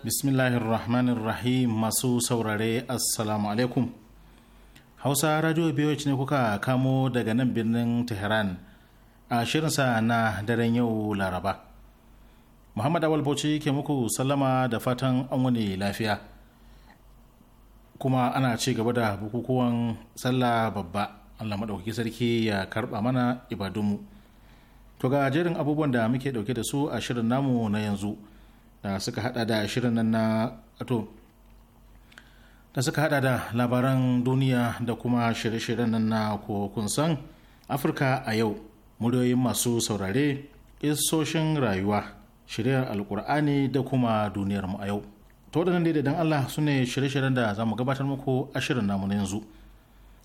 bismillahirrahmanirrahim masu saurare assalamu alaikum hausa radio biyoci ne kuka kamo daga nan birnin tehran a shirinsa na daren yau laraba muhammad awal bauchi ke muku sallama da fatan an wani lafiya kuma ana ci gaba da bukukuwan sallah babba allah maɗauki sarki ya karɓa mana ibadunmu to ga jerin abubuwan da muke ɗauke da su a shirin namu na yanzu da suka hada da shirin nan na ato da suka hada da labaran duniya da kuma shirye-shiryen nan na kun san afirka a yau muryoyin masu saurare isoshin rayuwa shiryar alkur'ani da kuma duniyar mu a yau to da nan da dan Allah su ne shirye-shiryen da za mu gabatar muku a shirin namu na yanzu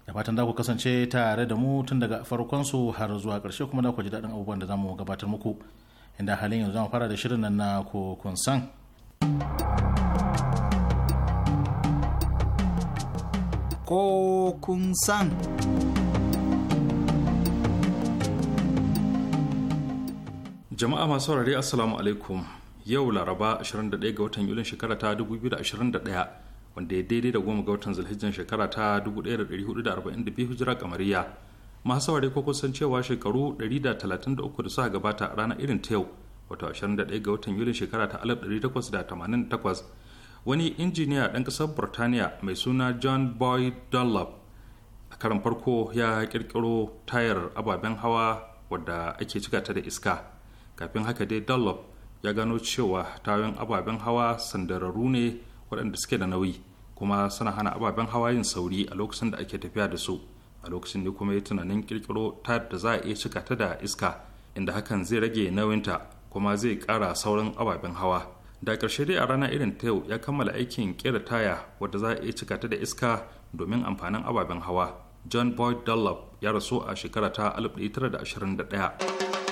da fatan da ku kasance tare da mu tun daga farkon su har zuwa ƙarshe kuma da ku ji daɗin abubuwan da za mu gabatar muku inda halin yanzu an fara da shirin nan na kokon san san jama'a masu saurare assalamu alaikum yau laraba 21 ga watan yulin shekara ta 2021 wanda ya daidai da goma ga watan zulhijjan shekara ta 1442 hijira kamariya masu saurare ko kusan cewa shekaru 133 da suka gabata a ranar irin ta yau wato 21 ga watan yulin shekara ta 1888 wani injiniya ɗan ƙasar burtaniya mai suna john boy dunlop a karan farko ya kirkiro tayar ababen hawa wadda ake cika ta da iska kafin haka dai dunlop ya gano cewa tayoyin ababen hawa sandararru ne waɗanda suke da nauyi kuma suna hana ababen hawa yin sauri a lokacin da ake tafiya da su a lokacin ne kuma ya tunanin kirkiro ta da za a iya cika ta da iska inda hakan zai rage nauyinta kuma zai kara sauran ababen hawa da ƙarshe dai a rana irin ta yau ya kammala aikin kera taya wadda za a iya cika ta da iska domin amfanin ababen hawa john boyd dunlop ya rasu a shekara ta 1921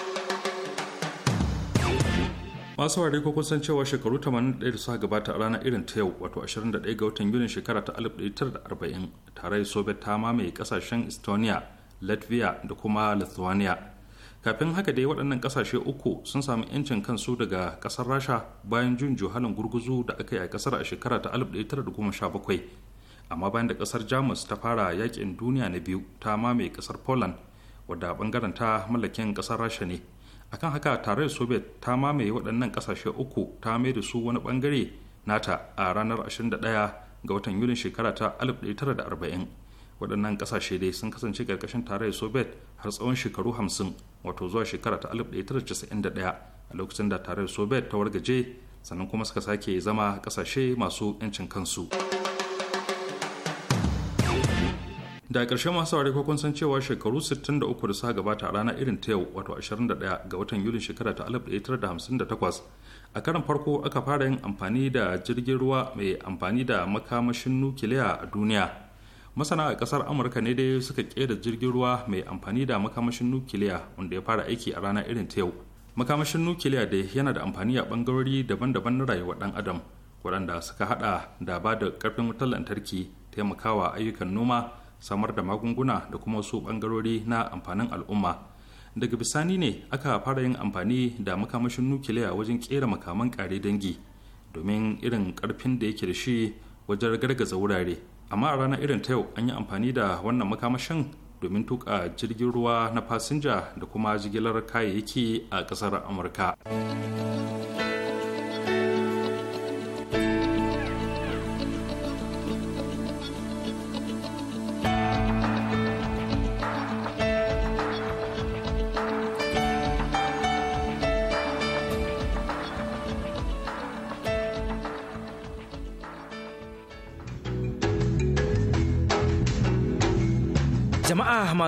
masu ware ko kun san cewa shekaru 81 da suka gabata a ranar irin ta yau wato 21 ga watan yulin shekara ta 1940 da soviet ta mamaye kasashen estonia latvia da kuma lithuania kafin haka dai waɗannan ƙasashe uku sun samu 'yancin kansu daga ƙasar rasha bayan jin juhalin gurguzu da aka yi a ƙasar a shekara ta 1917 amma bayan da ƙasar jamus ta fara yakin duniya na biyu ta mamaye ƙasar poland wadda bangaren ta mallakin ƙasar rasha ne akan haka tarayyar soviet ta mamaye waɗannan ƙasashe uku ta mai da su wani ɓangare nata a ranar 21 ga watan yulin shekara ta 1940 waɗannan ƙasashe dai sun kasance ƙarƙashin tarayyar soviet har tsawon shekaru 50 wato zuwa shekara ta 1991 a lokacin da tarayyar soviet ta wargaje sannan kuma suka sake zama ƙasashe masu 'yancin kansu. da ƙarshe masu ko kun san cewa shekaru 63 da suka gabata a rana irin ta yau wato 21 ga watan yulin shekara ta 1958 a karin farko aka fara yin amfani da jirgin ruwa mai amfani da makamashin nukiliya a duniya masana a ƙasar amurka ne dai suka ƙera jirgin ruwa mai amfani da makamashin nukiliya wanda ya fara aiki a rana irin ta yau makamashin nukiliya da yana da amfani a bangarori daban-daban na rayuwar dan adam waɗanda suka haɗa da ba da ƙarfin wutar lantarki taimakawa ayyukan noma samar da magunguna da kuma wasu bangarori na amfanin al'umma daga bisani ne aka fara yin amfani da makamashin nukiliya wajen kera makaman kare dangi domin irin karfin da yake da shi wajen gargaza wurare amma a ranar irin ta yau an yi amfani da wannan makamashin domin tuka jirgin ruwa na fasinja da kuma jigilar kayayyaki a ƙasar amurka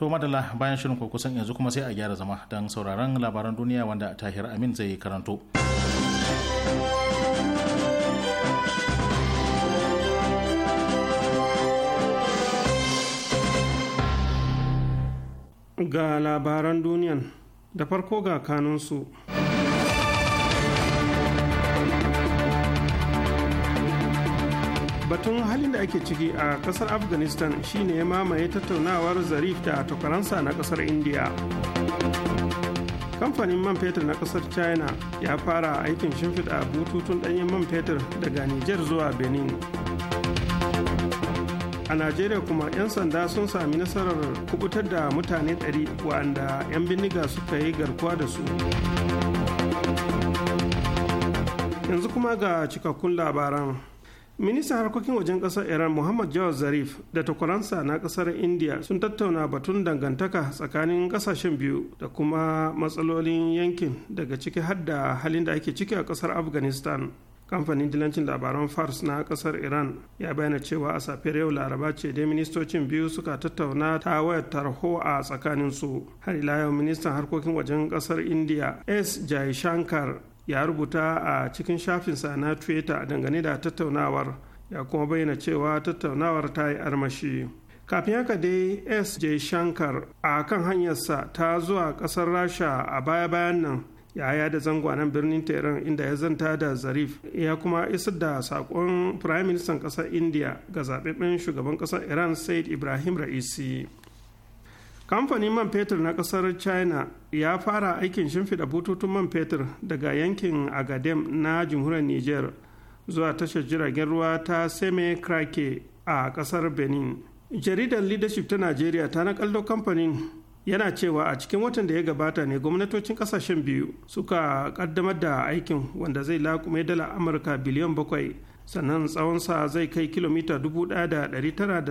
to madalla bayan shirin kusan yanzu kuma sai a gyara zama don sauraron labaran duniya wanda tahir amin zai karanto ga labaran duniyan da farko ga kanunsu. batun halin da ake ciki a kasar afghanistan shine ya mamaye tattaunawar zarif da takwaransa na kasar india kamfanin man fetur na kasar china ya fara aikin shimfiɗa bututun ɗanyen man fetur daga niger zuwa benin a najeriya kuma 'yan sanda sun sami nasarar kubutar da mutane 100 wanda 'yan bindiga suka yi garkuwa da su yanzu kuma ga cikakkun labaran ministan harkokin wajen kasar iran muhammad jawad zarif da takwaransa na kasar india sun tattauna batun dangantaka tsakanin kasashen biyu da kuma matsalolin yankin daga ciki har da halin da ake ciki a kasar afghanistan kamfanin dilancin labaran fars na kasar iran ya bayyana cewa a safiyar yau laraba ce dai ministocin biyu suka tattauna ta wayar tarho a tsakaninsu har ila yau ministan harkokin wajen kasar india s jai shankar ya rubuta a cikin shafinsa na twitter dangane da tattaunawar ya kuma bayyana cewa tattaunawar ta yi armashi kafin haka dai s shankar a kan hanyarsa ta zuwa kasar rasha a baya-bayan nan yaya da zangonan birnin tehran inda ya zanta da zarif ya kuma isar da saƙon firayim ministan kasar india ga zaɓaɓɓen shugaban ƙasar iran said ibrahim ra'isi kamfanin man fetur na kasar china ya fara aikin shimfiɗa bututun man fetur daga yankin agadem na jamhuriyar niger zuwa tashar jiragen ruwa ta seme krake a kasar benin jaridar leadership ta nigeria ta nakaldo kamfanin yana cewa a cikin watan da ya gabata ne gwamnatocin kasashen biyu suka kaddamar da aikin wanda zai laƙume dala amurka biliyan bakwai sannan tsawonsa zai kai kilomita 1980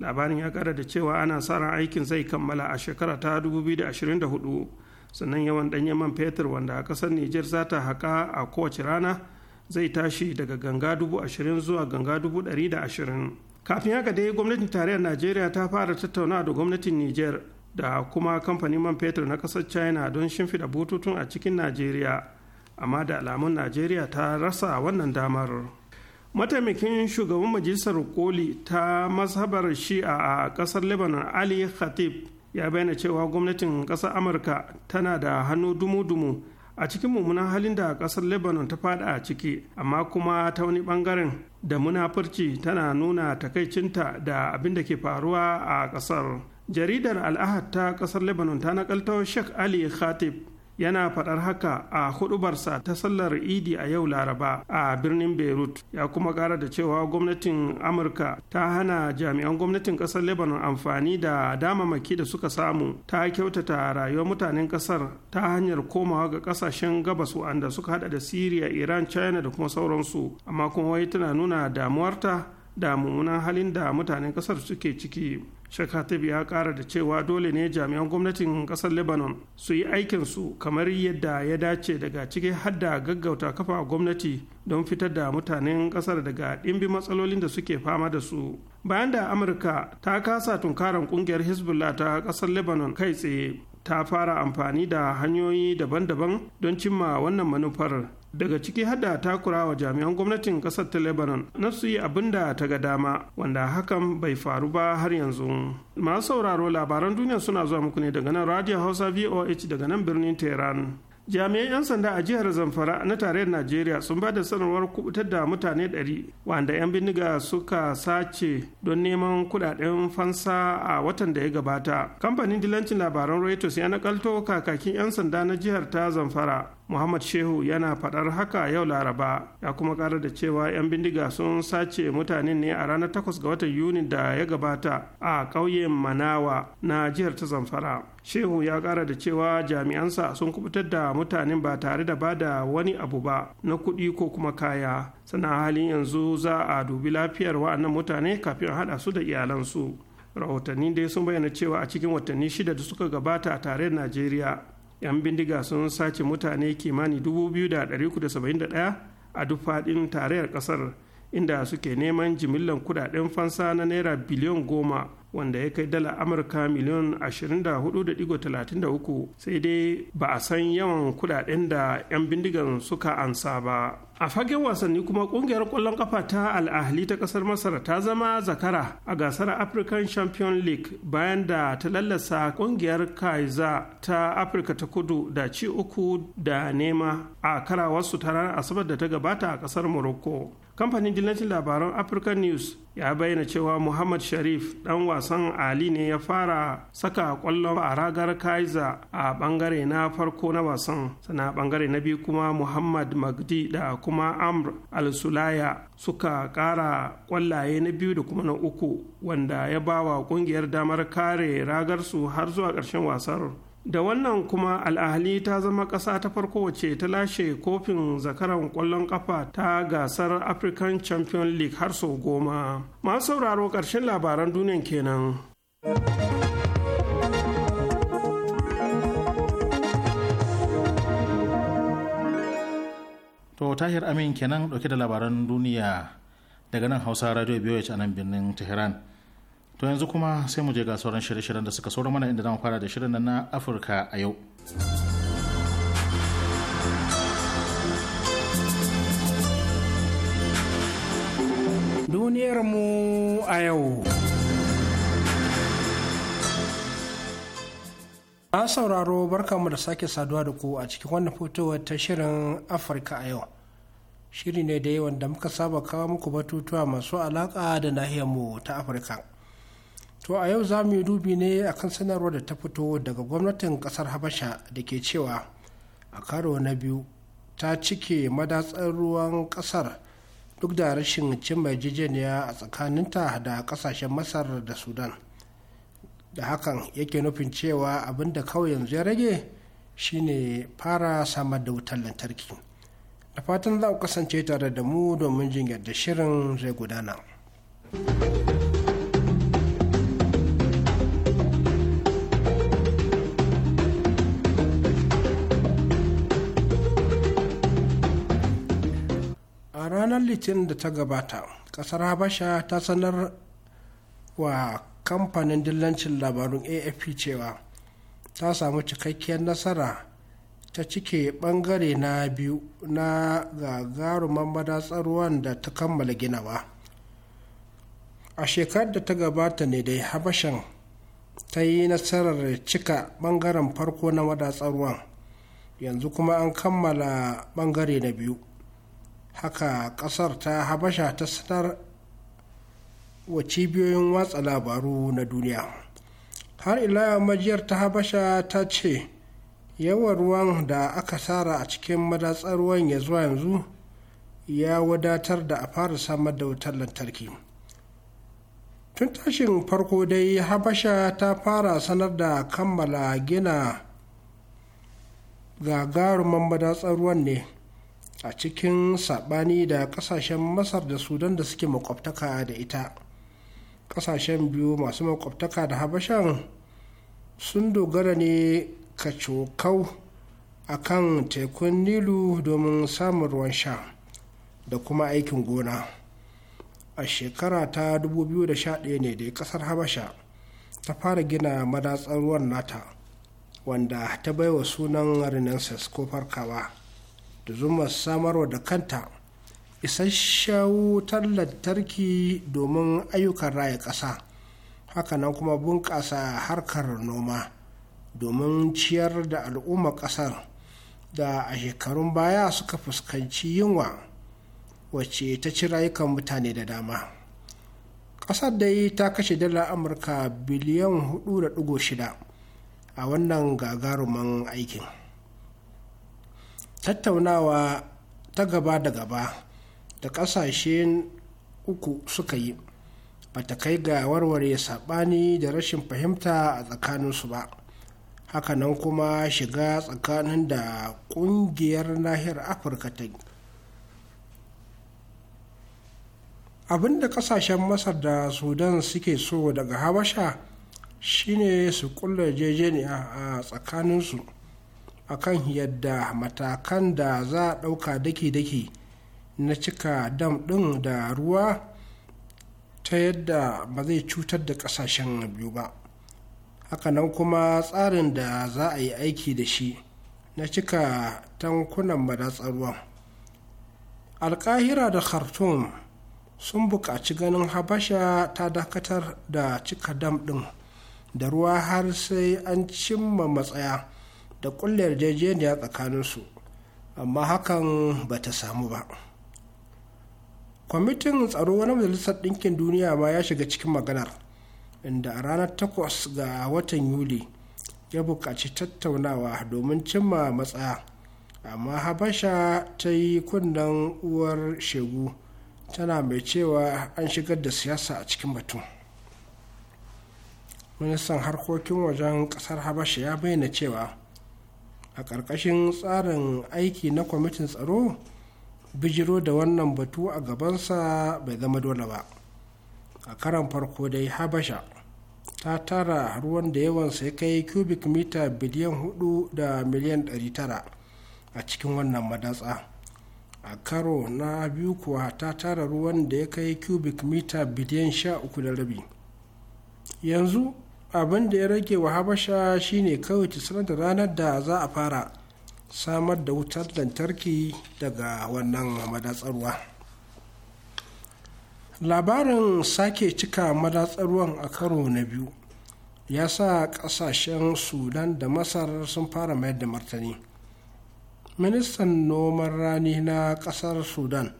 labarin ya kara da cewa ana sa ran aikin zai kammala a shekara ta 2024 sannan yawan danyen man fetur wanda a kasar niger za ta haƙa a kowace rana zai tashi daga ganga 20,000 zuwa ganga 120,000 kafin haka dai gwamnatin tarayyar najeriya ta fara tattaunawa da gwamnatin niger da kuma kamfanin man fetur na kasar china don shimfiɗa bututun a cikin najeriya amma da alamun najeriya ta rasa wannan damar. mataimakin shugaban majalisar koli ta mazhabar shi'a a kasar lebanon ali khatib ya bayyana cewa gwamnatin kasar amurka tana da hannu dumu-dumu a cikin mummunan halin da kasar lebanon ta fada a ciki amma kuma ta wani bangaren da munafurci tana nuna takaicinta da abin da ke faruwa a kasar jaridar al'ahad ta kasar lebanon ta nakaltar sheikh ali khatib yana faɗar haka a hudubarsa ta sallar idi a yau laraba a birnin beirut ya kuma ƙara da cewa gwamnatin amurka ta hana jami'an gwamnatin ƙasar lebanon amfani da damamaki da suka samu ta kyautata rayuwar mutanen ƙasar ta hanyar komawa ga ƙasashen gabas wanda suka hada da syria iran china da kuma sauransu amma kuma wai tana nuna damuwarta da mummunan halin da mutanen ƙasar suke ciki Sheikh ya kara da cewa dole ne jami'an gwamnatin kasar Lebanon su yi aikinsu kamar yadda ya dace daga ciki hadda gaggauta kafa gwamnati don fitar da mutanen kasar daga ɗimbi matsalolin da suke fama da su. Bayan da Amurka ta kasa tunkarar kungiyar Hezbollah ta kasar Lebanon kai tsaye ta fara amfani da hanyoyi daban-daban don cimma wannan manufar daga ciki hada takura wa jami'an gwamnatin kasar ta lebanon na su yi abin da ta ga dama wanda hakan bai faru ba har yanzu masu sauraro labaran duniya suna zuwa muku ne daga nan radio hausa voh daga nan birnin tehran jami'an 'yan sanda a jihar zamfara na tarayyar najeriya sun ba da sanarwar kubutar da mutane ɗari. wanda 'yan bindiga suka sace don neman kudaden fansa a watan da ya gabata kamfanin dilancin labaran reuters ya nakalto kakakin 'yan sanda na jihar ta zamfara muhammad shehu yana faɗar haka yau laraba ya kuma ƙara da cewa 'yan bindiga sun sace mutanen ne a ranar 8 ga watan yuni da ya gabata a ƙauyen manawa na jihar ta zamfara shehu ya ƙara da cewa jami'ansa sun kubutar da mutanen ba tare da ba da wani abu ba na kuɗi ko kuma kaya sana halin yanzu za a dubi lafiyar wa'annan mutane kafin haɗa su da iyalansu rahotanni dai sun bayyana cewa a cikin watanni shida da suka gabata a tare najeriya 'yan bindiga sun sace mutane kimani 2,371 a duk faɗin tarayyar ƙasar inda suke neman jimillan kudaden fansa na naira biliyan goma wanda ya kai dala amurka miliyan 24.33 sai dai ba a san yawan kudaden da 'yan bindigan suka ansa ba a fagen wasanni kuma kungiyar kwallon kafa ta al'ahli ta kasar masar ta zama zakara a gasar african champion league bayan da ta lallasa kungiyar kaiza ta afirka ta kudu da ci uku da nema a karawarsu ta ranar asabar da ta gabata a kasar morocco kamfanin dillacin labaran african news ya bayyana cewa muhammad sharif dan wasan ali ne ya fara saka kwallon a ragar kaiza a bangare na farko na wasan sana bangare na biyu kuma muhammad magdi da kuma amr al-sulaya suka kara kwallaye na biyu da kuma na uku wanda ya bawa kungiyar damar kare ragarsu har zuwa ƙarshen wasar da wannan kuma al'ahali ta zama ƙasa ta farko wacce ta lashe kofin zakaran kwallon ƙafa ta gasar african champion league har sau goma masu sauraro ƙarshen labaran duniyan kenan to tahir amin kenan ɗauke da labaran duniya daga nan hausa radio biyu a nan birnin tehran to yanzu kuma sai mu je ga sauran shirye-shiryen da suka saura mana inda zamu fara da shirin na afirka a yau duniyarmu a yau An sauraro barkamu da sake saduwa da ku a cikin wannan fitowar ta shirin Afirka a yau. Shiri ne da yawan da muka saba kawo muku batutuwa masu alaƙa da nahiyarmu ta Afirka. To a yau za mu yi dubi ne a kan sanarwar da ta fito daga gwamnatin kasar Habasha da ke cewa a karo na biyu ta cike madatsar ruwan kasar duk da rashin cimma jijeniya a tsakaninta da kasashen Masar da Sudan. Da hakan yake nufin cewa abin da kawai yanzu ya rage shine fara samar da wutar lantarki. Da fatan za ku kasance tare da mu domin jin yadda shirin zai gudana. ranar litinin da ta gabata kasar habasha ta sanar wa kamfanin dillancin labarun afp cewa ta samu cikakkiyar nasara ta cike bangare na biyu na gagaruma madatsar ruwan da ta kammala ginawa a shekarar da ta gabata ne dai habashan ta yi nasarar cika bangaren farko na madatsar ruwan yanzu kuma an kammala bangare na biyu haka kasar ta habasha ta sanar wa cibiyoyin watsa labaru na duniya har ila majiyar ta habasha ta ce yawan ruwan da aka sara a cikin madatsar ruwan ya zuwa yanzu ya wadatar da a fara samar da wutar lantarki tun tashin farko dai habasha ta fara sanar da kammala gina gagarumin madatsar ruwan ne a cikin saɓani da ƙasashen masar da sudan da suke makwabtaka da ita ƙasashen biyu masu makwabtaka da habashan sun dogara ne kacokau a kan tekun nilu domin samun ruwan sha da kuma aikin gona a shekara ta 2011 ne da ƙasar habasha ta fara gina madatsar ruwan nata wanda ta baiwa sunan renaissance ko farkawa da zuma samarwa da kanta isasshen wutar lantarki domin ayyukan raya ƙasa hakanan kuma bunƙasa harkar noma domin ciyar da al'ummar ƙasar da a shekarun baya suka fuskanci yunwa wacce ta ci rayukan mutane da dama ƙasar dai ta kashe dala amurka biliyan 4.6 a wannan gagaruman aikin tattaunawa ta gaba da gaba da ƙasashe uku suka yi ba ta kai ga warware saɓani da rashin fahimta a tsakaninsu ba hakanan kuma shiga tsakanin da ƙungiyar nahiyar afirka ta yi abinda kasashen masar da sudan suke so daga habasha shine su kulla jejeniya a tsakaninsu akan yadda matakan da za a ɗauka daki-daki na cika dam ɗin da ruwa ta yadda ba zai cutar da ƙasashen biyu ba hakanan kuma tsarin da za a yi aiki da shi na cika tankunan madatsar ruwan alkahira da khartoum sun buƙaci ganin habasha ta dakatar da cika dam ɗin da ruwa har sai an cimma matsaya da kulle yarjejeniya tsakaninsu amma hakan ba ta samu ba kwamitin tsaro wani majalisar ɗinkin duniya ma ya shiga cikin maganar inda a ranar takwas ga watan yuli ya buƙaci tattaunawa domin cimma matsaya amma habasha ta yi kunnen uwar shegu tana mai cewa an shigar da siyasa a cikin batun ministan harkokin wajen ƙasar habasha ya bayyana cewa a ƙarƙashin tsarin aiki na kwamitin tsaro bijiro da wannan batu a gabansa bai zama dole ba a karan farko dai habasha ta tara ruwan da yawansa ya kai cubic mita biliyan 4 da miliyan 900 a cikin wannan madatsa a karo na biyu kuwa ta tara ruwan da ya kai cubic mita biliyan 13 da rabi yanzu abin da ya rage wa habasha shine kawai ta da ranar da za a fara samar da wutar lantarki daga wannan madatsarwa labarin sake cika madatsarwan a karo na biyu ya sa kasashen sudan da masar sun fara mayar da martani ministan noman rani na kasar sudan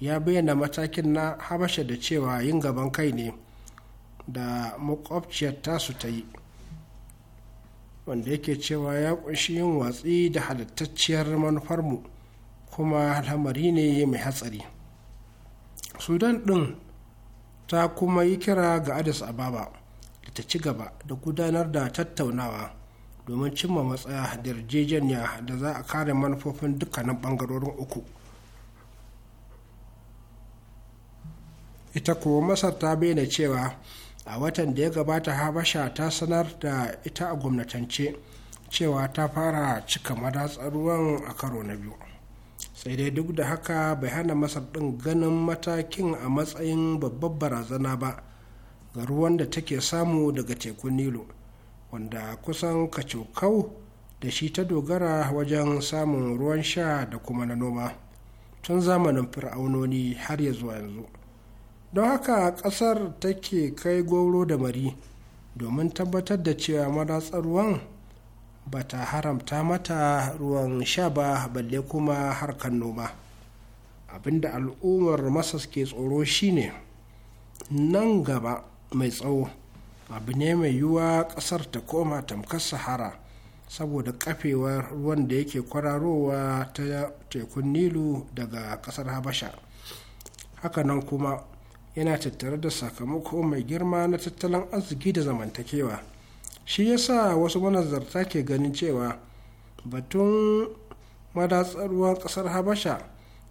ya bayyana matakin na habasha da cewa yin gaban kai ne da makwabciyar su ta yi wanda yake cewa ya ƙunshi yin watsi da halittacciyar manufarmu kuma lamari ne mai hatsari sudan ɗin ta kuma yi kira ga addis ababa da ta ci gaba da gudanar da tattaunawa domin cimma matsaya da yarjejeniya da za a kare manufofin dukkanin ɓangarorin uku ita kuwa masar ta bayyana cewa a watan da ya gabata habasha ta sanar da ita a gwamnatance cewa ta fara cika madatsar ruwan a karo na biyu sai dai duk da haka bai hana masar ɗin ganin matakin a matsayin babbar barazana ba ga ruwan da take samu daga tekun nilo wanda kusan kacokau da shi ta dogara wajen samun ruwan sha da kuma na noma tun zamanin fir'aunoni har ya zuwa yanzu don haka ƙasar take kai goro da mari domin tabbatar da cewa madatsar ruwan ba ta haramta mata ruwan sha ba balle kuma harkar noma abinda al'ummar masas ke tsoro shine nan gaba mai tsawo abu ne mai yiwuwa ƙasar ta koma tamkar sahara saboda kafewar ruwan da yake kwararowa ta tekun nilu daga ƙasar habasha hakanan kuma yana tattare da sakamako mai girma na tattalin arziki da zamantakewa shi yasa wasu manazarta ke ganin cewa batun madatsar ruwan kasar habasha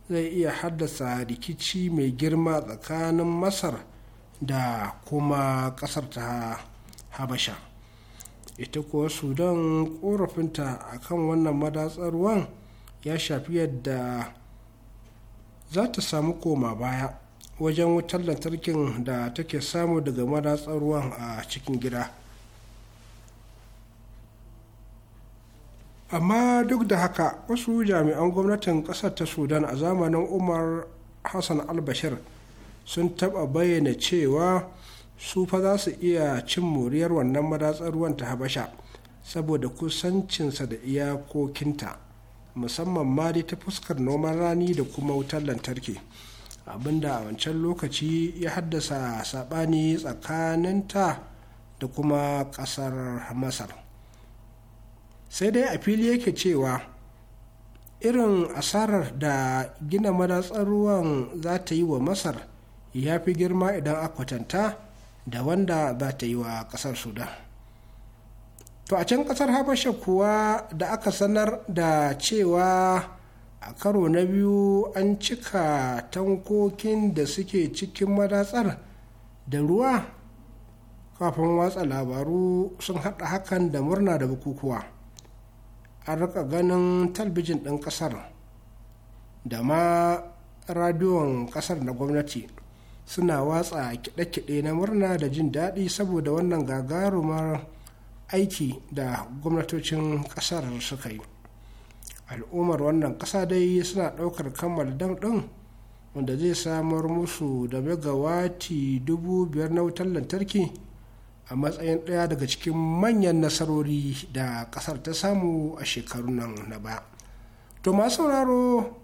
zai iya haddasa rikici mai girma tsakanin masar da kuma kasar ta habasha ita kuwa sudan korafinta kan wannan madatsar ya shafi yadda za ta samu koma baya wajen wutar lantarkin da take samu daga madatsar ruwan a cikin gida amma duk da haka wasu jami'an gwamnatin kasar ta sudan a zamanin umar hassan albashir sun taɓa bayyana cewa su fa za su iya cin moriyar wannan madatsar ruwan ta habasha saboda kusancinsa da iyakokinta musamman ma dai ta fuskar noman rani da kuma wutar lantarki. abinda a wancan lokaci ya haddasa saɓani tsakaninta da kuma ƙasar masar sai dai a fili yake cewa irin asarar da gina madatsar ruwan za ta yi wa masar ya fi girma idan a kwatanta da wanda za ta yi wa ƙasar sudan to a can ƙasar habasha kuwa da aka sanar da cewa a karo na biyu an cika tankokin da suke cikin madatsar da ruwa kafin watsa labaru sun haɗa hakan da murna da bukukuwa an rika ganin talbijin ɗin ƙasar da ma radiyon ƙasar na gwamnati suna watsa kiɗe-kiɗe na murna da jin daɗi saboda wannan gagarumar aiki da gwamnatocin ƙasar suka yi al'ummar wannan ƙasa dai suna ɗaukar kammala dan ɗin wanda zai samar musu da megawati dubu biyar na wutar lantarki a matsayin ɗaya daga cikin manyan nasarori da ƙasar ta samu a shekarun nan na ba to masu sauraro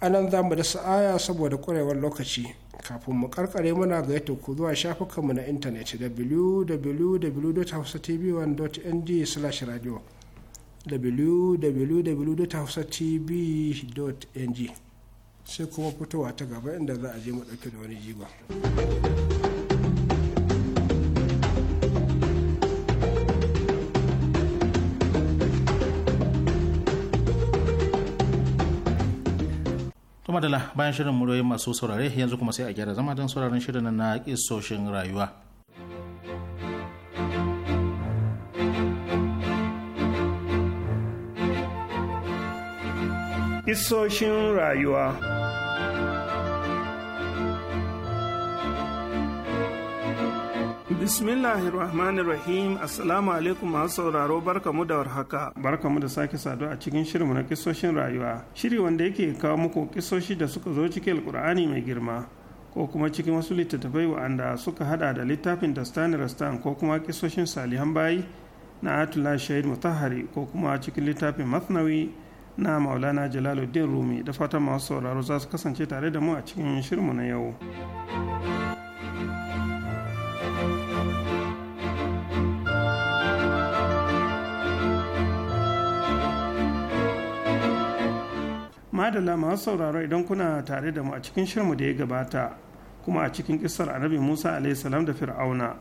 a nan za mu da sa'aya saboda ƙwarewar lokaci kafin mu karkare muna ga yadda ku zuwa shafukanmu na intanet www.hausatv1.ng/radio ng sai kuma fitowa ta gaba inda za a je mu ɗauke da wani jiba. kuma da bayan shirin muryoyin masu saurare yanzu kuma sai a gyara zama don sauraron shirin na kisoshin rayuwa. Isoshin rayuwa Bismillahirrahmanirrahim Assalamu alaikum masu sauraro barkamu da warhaka barkamu da sake saduwa a cikin shirinmu na kisoshin rayuwa shiri wanda yake kawo muku kisoshi da suka zo cikin alkur'ani mai girma ko kuma cikin wasu littattafai wa'anda suka hada da littafin Dastani Rastan ko kuma kisoshin Salihan Bayi na Atula Shahid Mutahari ko kuma cikin littafin Masnawi na maulana jalaluddin rumi da fatan masu sauraro za su kasance tare da mu a cikin shirmu na yau madalla masu sauraro idan kuna tare da mu a cikin shirmu da ya gabata kuma a cikin kisar annabi musa salam da fir'auna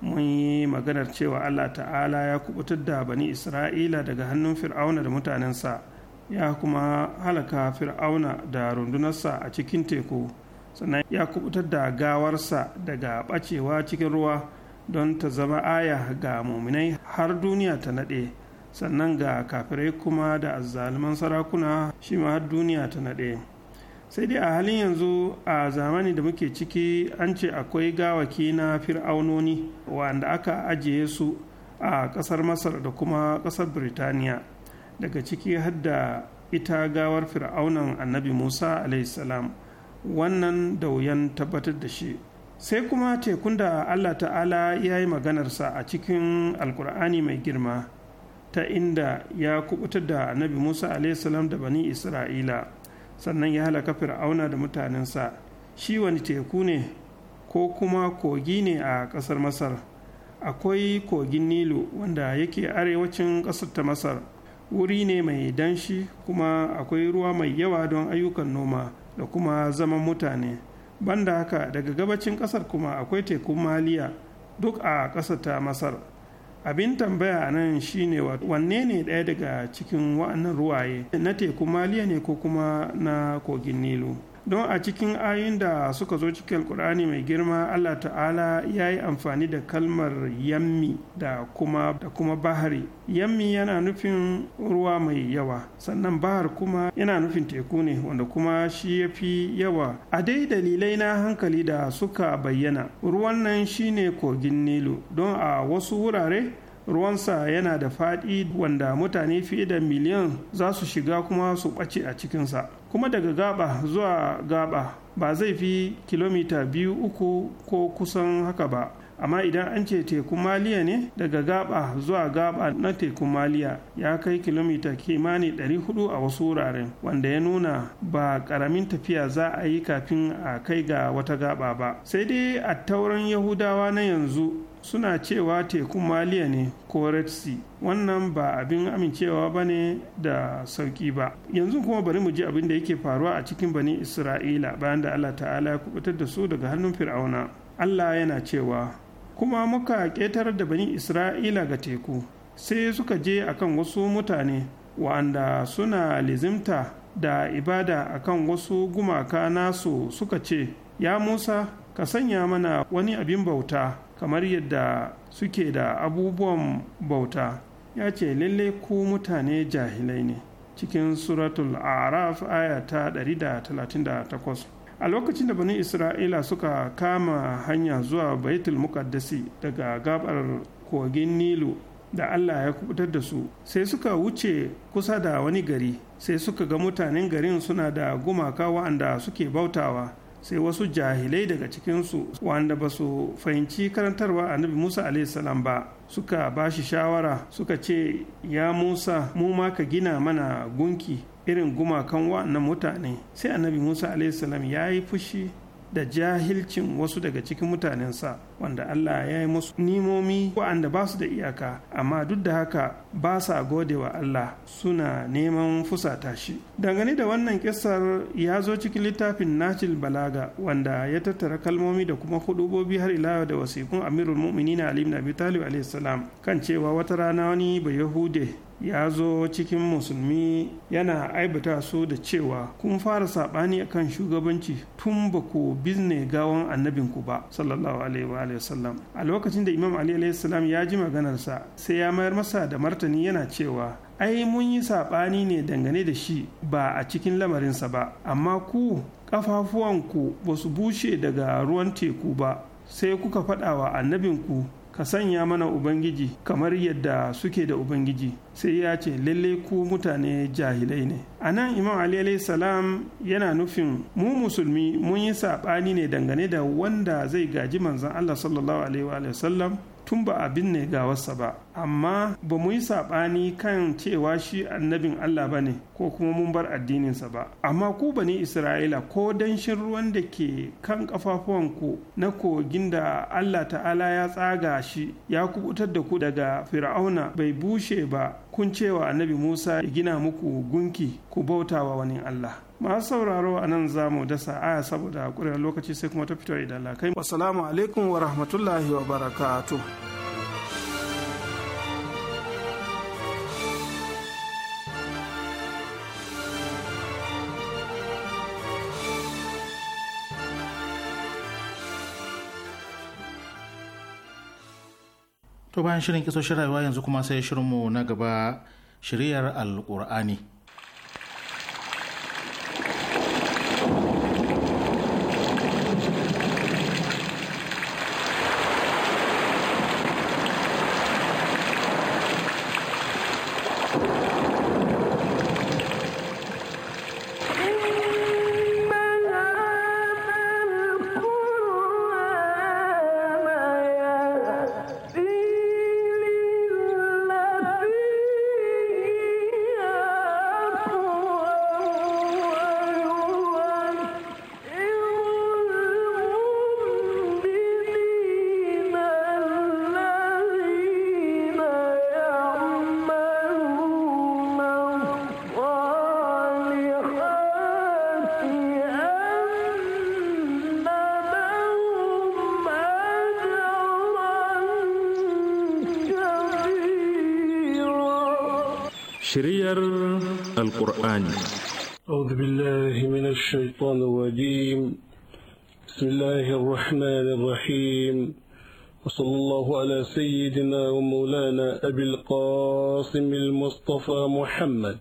mun yi maganar cewa allah ta'ala ya kubutar da bani isra'ila daga hannun fir'auna da mutanensa ya kuma halaka fir'auna da rundunarsa a cikin teku sannan ya kubutar da gawarsa daga ɓacewa cikin ruwa don ta zama aya ga muminai har duniya ta naɗe sannan ga kafirai kuma da azzaluman sarakuna shi ma har duniya ta naɗe sai dai a halin yanzu a zamani da muke ciki an ce akwai gawaki na fir'aunoni wanda aka ajiye su a ƙasar masar da kuma ƙasar Biritaniya. daga ciki hadda ita gawar fir'aunan annabi musa salam wannan da wuyan tabbatar da shi sai kuma tekun da allah ta'ala ya yi maganarsa a cikin alkur'ani mai girma ta inda ya kubutar da annabi musa salam da bani isra'ila sannan ya halaka fir'auna da mutanensa shi wani teku ne ko kuma kogi ne a ƙasar masar akwai kogin nilu wanda yake arewacin ƙasar ta masar wuri ne mai danshi kuma akwai ruwa mai yawa don ayyukan noma da kuma zaman mutane banda haka daga gabacin kasar kuma akwai tekun maliya duk a ƙasa ta masar abin tambaya nan shine wanne ne ɗaya daga cikin wa'annan ruwaye na tekun maliya ne ko kuma na kogin nilu don a cikin ayin da suka zo cikin alkur'ani mai girma allah ta'ala ya yi amfani da kalmar yammi da kuma da kuma bahari yammi yana nufin ruwa mai yawa sannan bahar kuma yana nufin teku ne wanda kuma shi ya fi yawa a dai dalilai na hankali da suka bayyana ruwan nan shine kogin nilu don a wasu wurare ruwansa yana da faɗi wanda mutane fiye da miliyan za su shiga kuma su ɓace a cikinsa kuma daga gaba zuwa gaba ba zai fi kilomita biyu uku ko kusan haka ba amma idan an ce teku maliya ne daga gaba zuwa gaba na tekun maliya ya kai kilomita kimanin 400 a wasu wuraren wanda ya nuna ba karamin tafiya za a yi kafin a kai ga wata gaba ba sai dai a tauran yahudawa na yanzu suna cewa tekun maliya ne ko red sea wannan ba abin amincewa ba ne da sauki ba yanzu kuma bari mu ji abin da yake faruwa a cikin bani isra'ila bayan da allah ta'ala ya kubutar da su daga hannun fir'auna allah yana cewa kuma muka ƙetar da bani isra'ila ga teku sai suka je akan wasu mutane wa'anda suna lizimta da ibada akan wasu gumaka nasu suka ce ya musa ka sanya mana wani abin bauta kamar yadda suke da abubuwan bauta ya ce lalle ku mutane jahilai ne cikin suratul araf aya ta 138 a lokacin da bani isra'ila suka kama hanya zuwa baitul mukaddasi daga gabar kogin nilu da allah ya kubutar da su sai suka wuce kusa da wani gari sai suka ga mutanen garin suna da gumaka wa'anda suke bautawa sai wasu jahilai daga cikinsu wanda ba su fahimci karantarwa annabi musa salam ba suka ba shi shawara suka ce ya musa mu ma ka gina mana gunki irin gumakan wa'annan mutane sai annabi musa salam ya yi fushi da jahilcin wasu daga cikin mutanensa wanda allah ya yi musu nimomi wa'anda ba su da iyaka amma duk da haka ba sa gode wa Allah suna neman fusata shi. Dangane da wannan kisar ya zo cikin littafin nacil Balaga wanda ya tattara kalmomi da kuma hudubobi har ila da wasikun Amirul Mu'minin Ali ibn Abi Talib alayhi salam kan cewa wata rana wani ba'i Yahude ya zo cikin musulmi yana aibata su da cewa kun fara saɓani kan shugabanci tun ba ku bizne gawan annabinku ba sallallahu alaihi wa sallam a lokacin da imam ali alaihi salam ya ji maganarsa sai ya mayar masa da martani Anthony yana cewa ai mun yi saɓani ne dangane da shi ba a cikin lamarinsa ba amma ku ƙafafuwanku ba su bushe daga ruwan teku ba sai kuka faɗa wa annabinku ka sanya mana ubangiji kamar yadda suke da ubangiji sai ya ce lalle ku mutane jahilai ne a nan imam ali salam yana nufin mu musulmi mun yi saɓani ne dangane da wanda zai gaji manzon allah sallallahu alaihi wa sallam tun ba a binne gawarsa ba amma ba mu yi saɓani kan cewa shi annabin Allah ba ne ko kuma mun bar addininsa ba amma ku ba ni Isra'ila ko danshin ruwan da ke kan ƙafafuwanku na kogin da Allah ta'ala ya tsaga shi ya kubutar da ku daga fir'auna bai bushe ba kun ce wa annabi musa ya gina muku gunki ku bauta wa wani allah masu sauraro a nan za mu dasa aya saboda ƙuran lokaci sai kuma ta fito idan lakai wasalamu alaikum wa rahmatullahi wa barakatuh to bayan shirin shirin rayuwa yanzu kuma sai shirinmu na gaba shiriyar alkur'ani شرير القرآن أعوذ بالله من الشيطان الرجيم بسم الله الرحمن الرحيم وصلى الله على سيدنا ومولانا أبي القاسم المصطفى محمد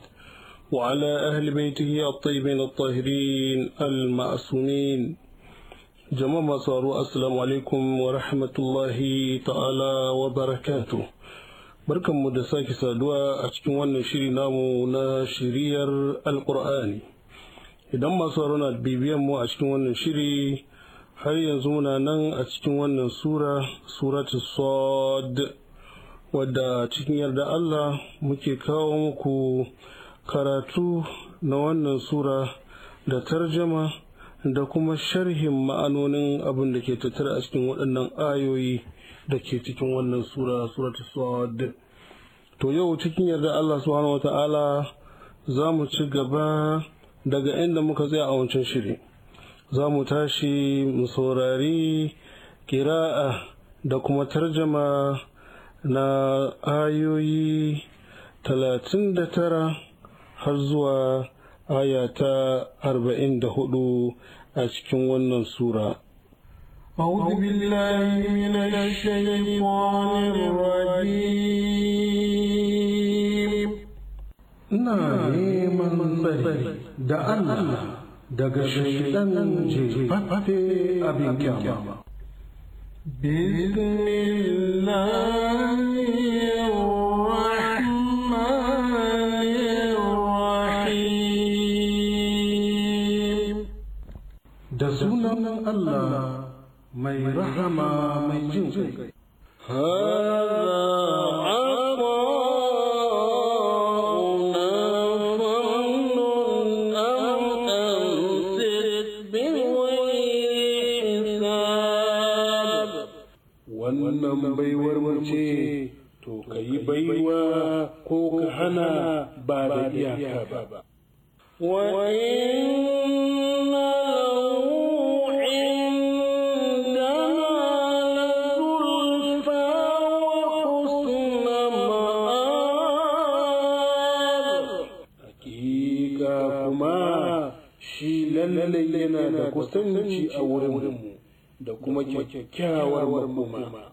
وعلى أهل بيته الطيبين الطاهرين المعصومين مصار السلام عليكم ورحمة الله تعالى وبركاته mu da sake saduwa a cikin wannan shiri namu na shiriyar Alƙur'ani. Idan masu na bibiyan mu a cikin wannan shiri har yanzu muna nan a cikin wannan sura, suratu Sod, wadda cikin yarda Allah muke kawo muku karatu na wannan sura da tarjama da kuma sharhin ma'anonin abin da ke tattara a cikin waɗannan ayoyi. da ke cikin wannan sura suratul sad to yau cikin yarda Allah subhanahu wata'ala za mu ci gaba daga inda muka tsaya a wancan shiri za mu tashi mu saurari kira'a da kuma tarjama na ayoyi talatin da tara har zuwa aya ta arba'in hudu a cikin wannan sura أعوذ بالله من الشيطان الرجيم ina neman tsari da Allah daga shaidan jefaffe abin kyama. بسم الله da sunan Allah mai rahama mai jin kai wannan baiwar mace to ka yi baiwa ko ka hana ba da iyaka ba. aminci a wurinmu da kuma kyakkyawar makoma.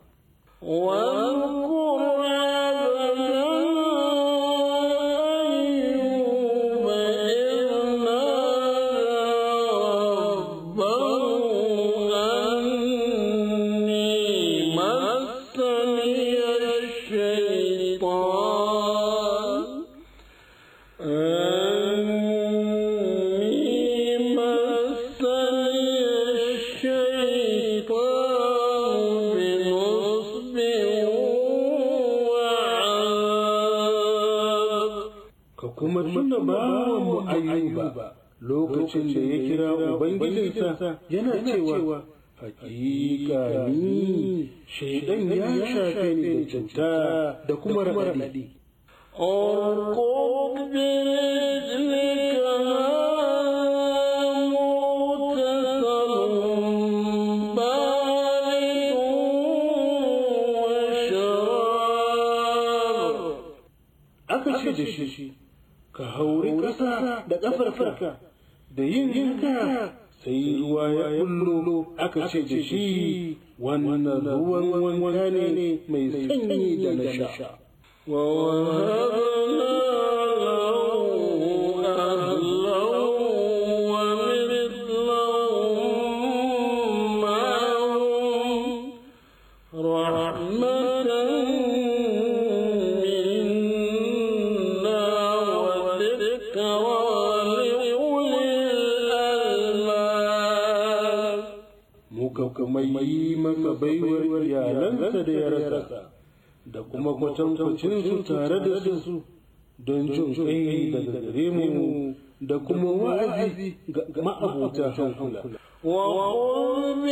yana cewa hakika ni shaidan ya shafe ni da cuta da kuma raɗaɗi ارقد aka ce da shi ka hauri ƙasa da ƙafarka da yin yanka sai ruwa ya kullo aka ce da shi wannan ruwan wanka ne mai sanyi da na sha. abin da da kuma kwatankwacin tare da su don jin kai da gare mu da kuma wa'azi ga ma'abuta hankula. وقل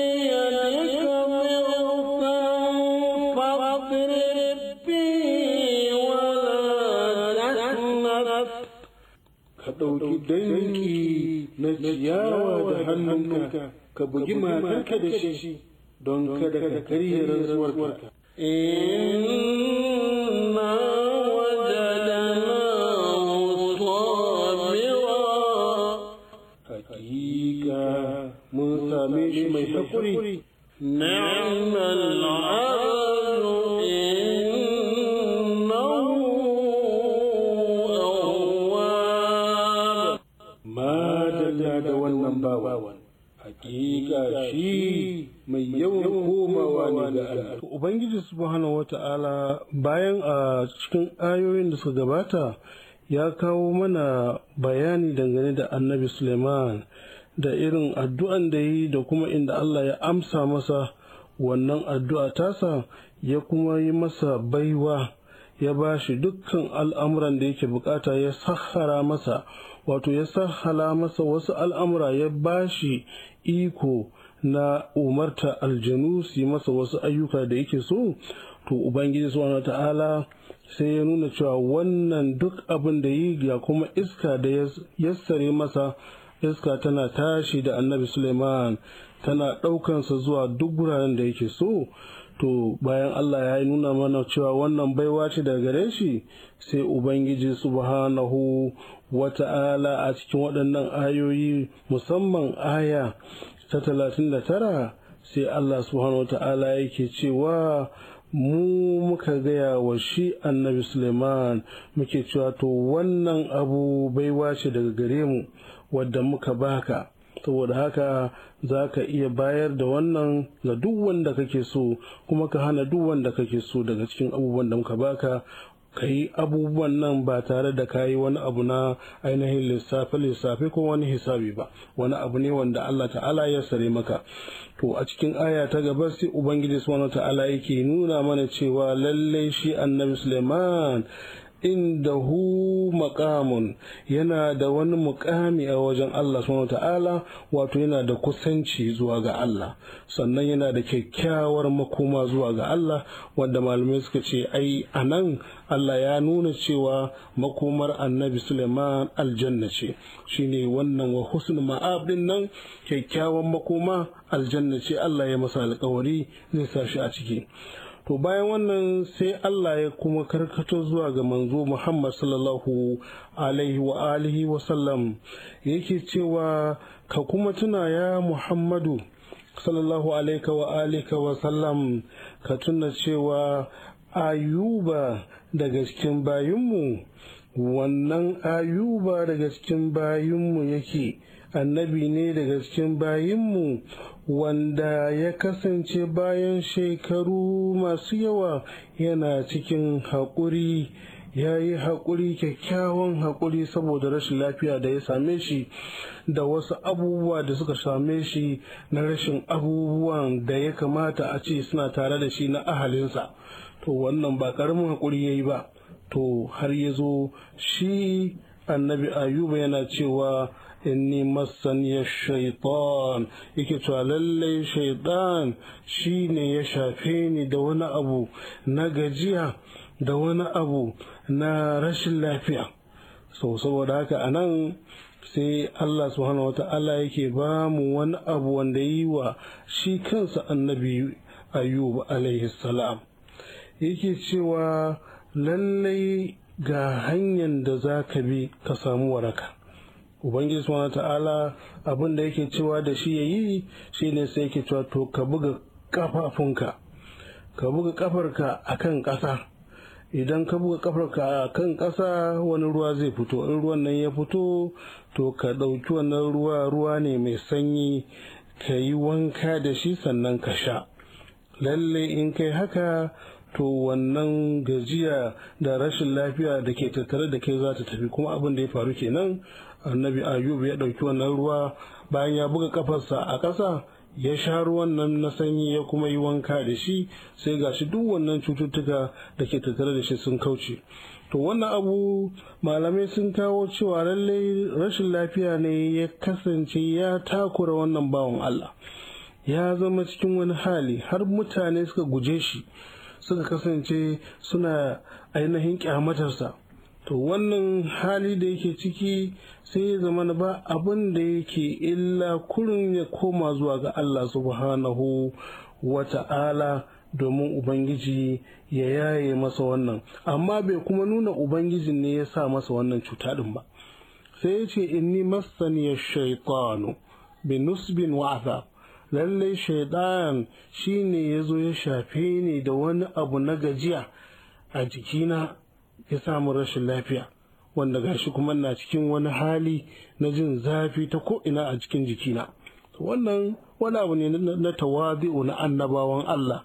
بيدك ka ɗauki danki na ciyawa da hannunka ka bugi matarka da shi don kada ka karye rantsuwarka Hakika mun same shi mai haƙuri. Ni'mal abdu innahu awwab. Ma da wannan bawan. hakika shi mai yawan komawa ne ga Allah. Ubangiji subhanahu wa ta'ala bayan a cikin ayoyin da suka gabata ya kawo mana bayani dangane da annabi Suleiman da irin addu'an da yi da kuma inda Allah ya amsa masa wannan addu'a tasa ya kuma yi masa baiwa ya ba shi dukkan al'amuran da yake bukata ya sahara masa wato ya sahala masa wasu al'amura ya ba shi iko na umarta aljanu su masa wasu ayyuka da yake so to ubangiji wani ta'ala sai ya nuna cewa wannan duk abin da yi ga kuma iska da yassare masa iska tana tashi da annabi suleiman tana ɗaukansa zuwa duk wuraren da yake so to bayan Allah ya nuna mana cewa wannan baiwa ce daga gare shi sai Ubangiji subhanahu wa ta'ala a cikin waɗannan ayoyi musamman aya ta talatin da tara sai Allah subhanahu wa ta'ala yake cewa mu muka gaya wa shi annabi Suleiman muke cewa to wannan abu baiwa ce daga gare mu wadda muka baka saboda haka za ka iya bayar da wannan ga duk wanda kake so kuma ka hana duk wanda kake so daga cikin abubuwan da muka baka ka yi abubuwan nan ba tare da ka yi wani abu na ainihin lissafe-lissafe ko wani hisabi ba wani abu ne wanda Allah ta'ala ya sare maka to a cikin aya ta gaba sai ubangiji subhanahu ta'ala yake nuna mana cewa lallai shi annabi Suleiman indahu makamun yana da wani mukami a wajen Allah subhanahu ta'ala wato yana da kusanci zuwa ga Allah sannan yana da kyakkyawar makoma zuwa ga Allah wanda malamai suka ce ai anan Allah ya nuna cewa makomar Annabi Suleiman aljanna ce shine wannan wa husnul ma'ab nan kyakkyawan makoma aljanna ce Allah ya masa alƙawari zai sa shi a ciki to bayan wannan sai Allah ya kuma karkato zuwa ga manzo Muhammad sallallahu alaihi wa alihi wa sallam yake cewa ka kuma tuna ya Muhammadu sallallahu alaihi wa alihi wa sallam ka tuna cewa ayuba daga cikin bayinmu wannan ayuba daga cikin bayinmu yake annabi ne daga cikin bayinmu wanda ya kasance bayan shekaru masu yawa yana cikin haƙuri ya yi haƙuri kyakkyawan haƙuri saboda rashin lafiya da ya same shi da wasu abubuwa da suka same shi na rashin abubuwan da ya kamata a ce suna tare da shi na ahalinsa to wannan ba ƙaramin haƙuri ya yi ba to har ya zo shi annabi ayuba yana cewa inni masaniya shaitan yake cewa lallai shaitan shi ne ya shafe ni da wani abu na gajiya da wani abu na rashin lafiya so saboda haka a nan sai Allah subhanahu wa ta'ala yake ba mu wani abu wanda yi wa shi kansa annabi ayyub alaihi salam yake cewa lallai ga hanyar da za ka bi ka samu waraka ubangiji subhanahu ta'ala abin da yake cewa da shi ya yi shi ne sai yake cewa to ka buga kafafunka ka buga kafarka a kan ƙasa idan ka buga kafarka a kan ƙasa wani ruwa zai fito in ruwan nan ya fito to ka ɗauki wannan ruwa ruwa ne mai sanyi ka yi wanka da shi sannan ka sha lalle in kai haka to wannan gajiya da rashin lafiya da ke tattare da kai za ta tafi kuma abin da ya faru kenan annabi ayub ya ɗauki wannan ruwa bayan ya buga kafarsa a ƙasa ya sha ruwan nan na sanyi ya kuma yi wanka da shi sai ga shi duk wannan cututtuka da ke tattare da shi sun kauce to wannan abu malamai sun kawo cewa lallai rashin lafiya ne ya kasance ya takura wannan bawan Allah ya zama cikin wani hali har mutane suka guje shi suka kasance suna ainihin kyamatarsa to wannan hali da yake ciki sai ya zama ba abin da yake illa kurin ya koma zuwa ga Allah subhanahu wa ta'ala domin ubangiji ya yaye masa wannan amma bai kuma nuna Ubangiji ne ya sa masa wannan cuta din ba sai ya ce inni masaniya shaitanu bi nusbin Wa'aza, lallai shi shine ya zo ya shafe ni da wani abu na gajiya a jikina ya samu rashin lafiya wanda gashi kuma na cikin wani hali na jin zafi ta ko'ina a cikin jikina wannan wani abu ne na tawazi'u na annabawan Allah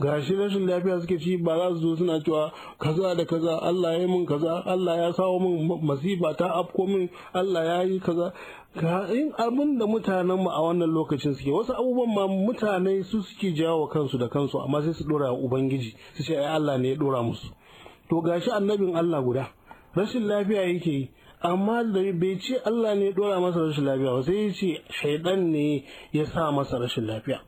gashi rashin lafiya suke ci ba za su zo suna cewa kaza da kaza Allah ya yi min kaza Allah ya sawo min masifa ta afko min Allah ya yi kaza ga in abin da mutanen a wannan lokacin suke wasu abubuwan ma mutane su suke jawo kansu da kansu amma sai su dora ubangiji su ce ai Allah ne ya ɗora musu to gashi annabin Allah guda rashin lafiya yake yi amma da bai ce Allah ne dora masa rashin lafiya ba sai ya ce shaidan ne ya sa masa rashin lafiya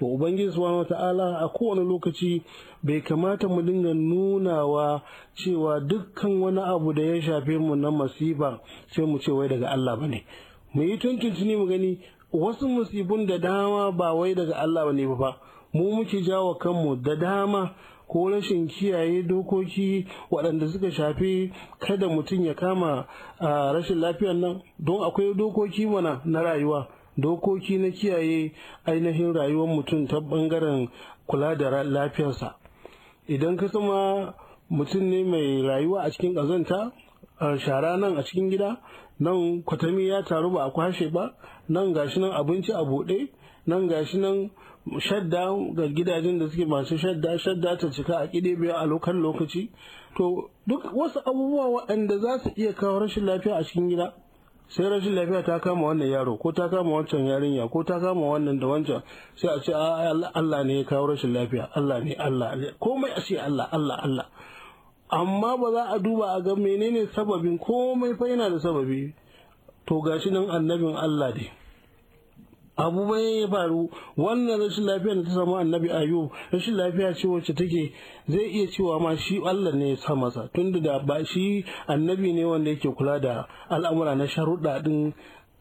to ubangiji subhanahu wataala a kowane lokaci bai kamata mu dinga nunawa cewa dukkan wani abu da ya shafe mu na masifa sai mu ce wai daga Allah bane mu yi tuntuntuni mu gani wasu musibun da dama ba wai daga Allah ne ba mu muke jawo kanmu da dama ko rashin kiyaye dokoki waɗanda suka shafi kada mutum ya kama rashin lafiyar nan don akwai dokoki mana na rayuwa dokoki na kiyaye ainihin rayuwar mutum ta ɓangaren kula da lafiyarsa idan ka sama mutum ne mai rayuwa a cikin ƙazanta shara nan a cikin gida nan kwatami ya taru ba a kwashe ba nan gashi nan abinci a buɗe nan gashi nan shadda ga gidajen da suke masu shadda shadda ta cika a biyu a lokan lokaci to duk wasu abubuwa waɗanda za su iya kawo rashin lafiya a cikin gida sai rashin lafiya ta kama wannan yaro ko ta kama wancan yarinya ko ta kama wannan da wancan sai a ce Allah ne ya kawo rashin lafiya Allah ne Allah komai a ce Allah Allah Allah amma ba za a duba a ga menene sababin komai fa yana da sababi to gashi nan annabin Allah ne abu bai faru wannan rashin lafiya da ta samu annabi ayub rashin lafiya ce wacce take zai iya cewa ma shi allah ne ya sa masa tunda da ba shi annabi ne wanda yake kula da al'amura na sharuɗa ɗin